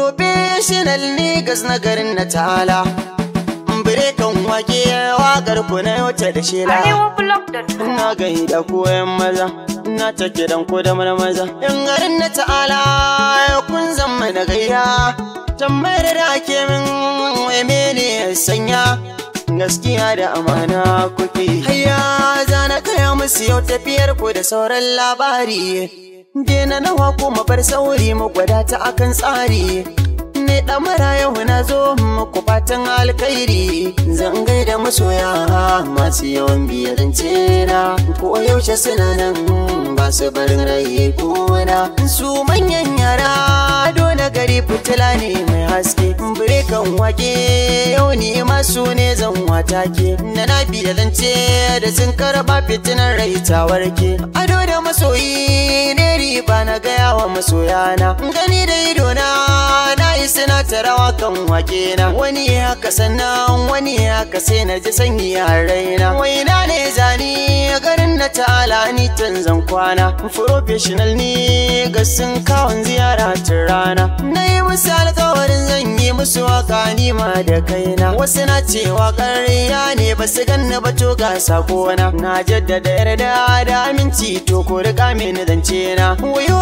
Professional ne gas na garin na tala. Mbire kan wake waƙar ku na yau da shela. Na koyan maza. na ta dan ko da maza in garin na ta'ala kun zama da gayya tambayar da ake min mene ne sanya gaskiya da amana kuke hayya zana kaya musu yau tafiyar ku da sauran labari Dena nawa kuma bar sauri mu gwada ta akan tsari ne mara yau na zo muku fatan alkhairi zan gaida masoya masu yawan biyar na ko yaushe suna nan ba su barin rai kona su manyan fitila ne mai haske birikan wake yau ni masu ne zan wata ke na na da zance da sun karba fitinar rai ta warke ado da masoyi ne riba na gaya wa masoyana gani da na yi suna ta rawa kan wake na wani haka sannan wani haka sai na ji sanyi a raina waina ne zani garin na ta'ala ni can zan kwana professional ne ga sun kawon ziyara tun rana na yi musu alkawarin zan yi musu waka nima da kaina wasu na cewa ƙarya ne ba su ganna ba to ga sakona na jaddada yarda da aminci to ko riƙa mini zance na wayo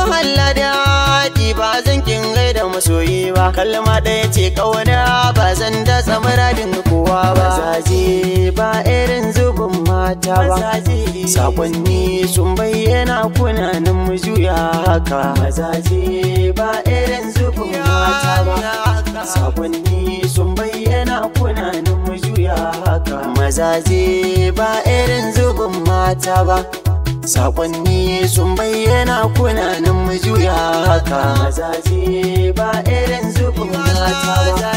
masoyi ba kalma ɗaya ce ƙauna ba zan datsa muradin kowa ba zaje ba irin zubin mata ba sakonni sun bayyana kunanin mu juya haka mazaje ba irin zubin mata ba sakonni sun bayyana kunanin mu juya haka mazaje ba irin zubin mata ba Sakonni sun bayyana kunanin mu juya haka Mazaje ba irin zubin mata ba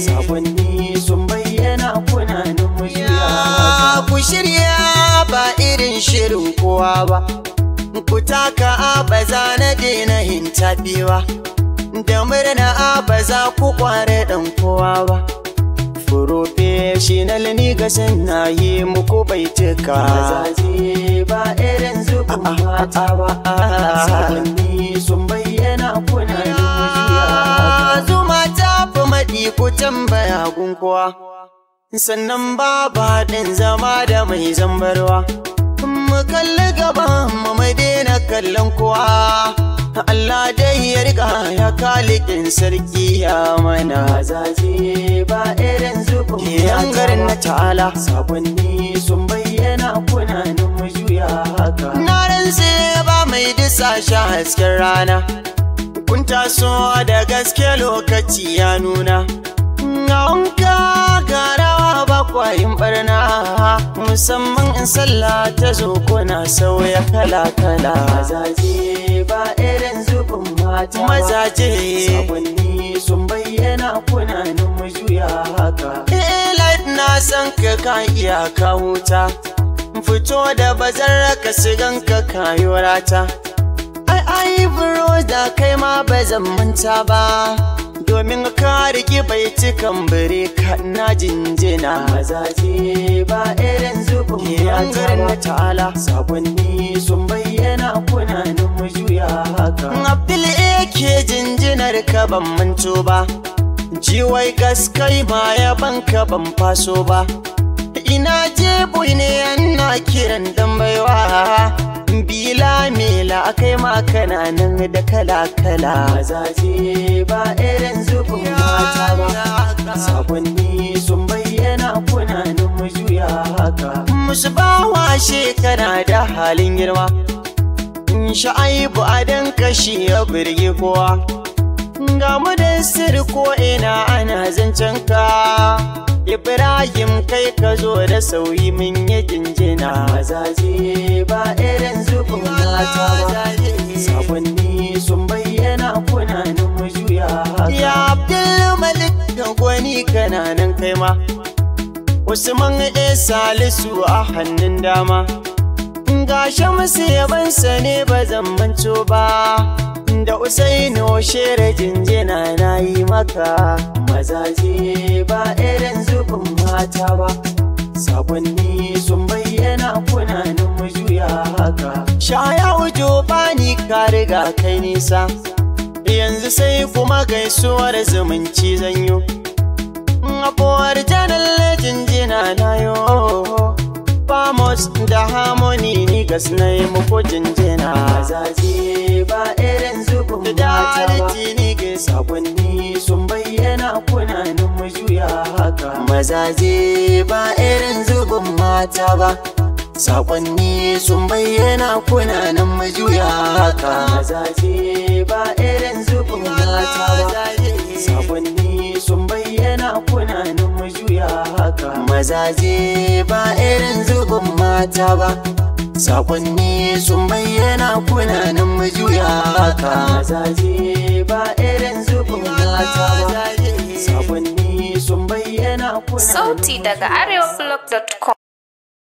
Sakonni sun bayyana kunanin mu juya haka Ku shirya ba irin shirin kowa ba Ku taka ba za na daina hintaɓi ba Da murna ba za ku kware ɗan kowa ba Furofe shi na lani gasan na yi muku baituka Mazaje irin su uwa ba sabanni sun bayyana kuna zuma ta fi maɗi ku tambaya gunkuwa sannan ba baɗin zama da mai zambarwa mu kalli gaba mu mai daina kallon kowa Allah dai ya riga ya kalikin sarki ya mana zaje ba irin zubin ya garin na ta'ala sun bayyana kunanin na rantse ba mai disa hasken rana kun taso da gaske lokaci ya nuna wanka garawa ba kwayin barna musamman in sallah ta zo kuna sauya kala-kala mazaje ba irin zubin mata mazaje sabonni sun bayyana kunanin mu juya haka eh life na san ka ka iya ka huta fito da bazar ka sigan ka rata, ai ai bro da kai ma ba zan manta ba domin ka riki bai cikan bare ka na jinjina mazaje ba irin zubin ya na ta'ala sabonni sun bayyana kunanin mu juya haka abdul ke jinjinar ka ban manto ba jiwai gaskai ma ya banka ban faso ba ina jebu ne kiran dan baiwa bila mila akai ma kana nan da kala kala mazaje ba irin zubin mata ba sabonni sun bayyana kunanin mu juya haka musu bawa shekara da halin girma in sha'ibu a dan kashi ya birgi kowa ga da sir ko ina ana zancen ka Ibrahim kai ka zo da sauyi mun yi jinjina Mazaje ba irin zubin mata ba Sabonni sun bayyana kunanin mujuya juya Ya Abdul Malik ga gwani kananan kai ma Usman E Salisu a hannun dama Ga shamsu yabansa ne ba zan manco ba da usaino shere jinjina na yi maka mazaje ba irin zubin mata ba sabonni sun bayyana kunanin mu juya haka shaya ujo bani ka riga kai nisa yanzu sai kuma gaisuwar zumunci zanyo abuwar janar jinjina na yo famous da harmony gas na yi muku jinjina mazaje ba irin zubin mata ba Da ne ke sakonni sun bayyana kunanin mu juya haka mazaje ba irin zubin mata ba sakonni sun bayyana kunanin mu juya haka mazaje ba irin zubin mata ba sakonni sun bayyana kunanin mu juya haka mazaje ba irin zubin mata ba Sakonni sun bayyana kunanin nan majuya haka zaje ba irin zubin mata ba Sakonni sun bayyana kuna Sauti daga arewablock.com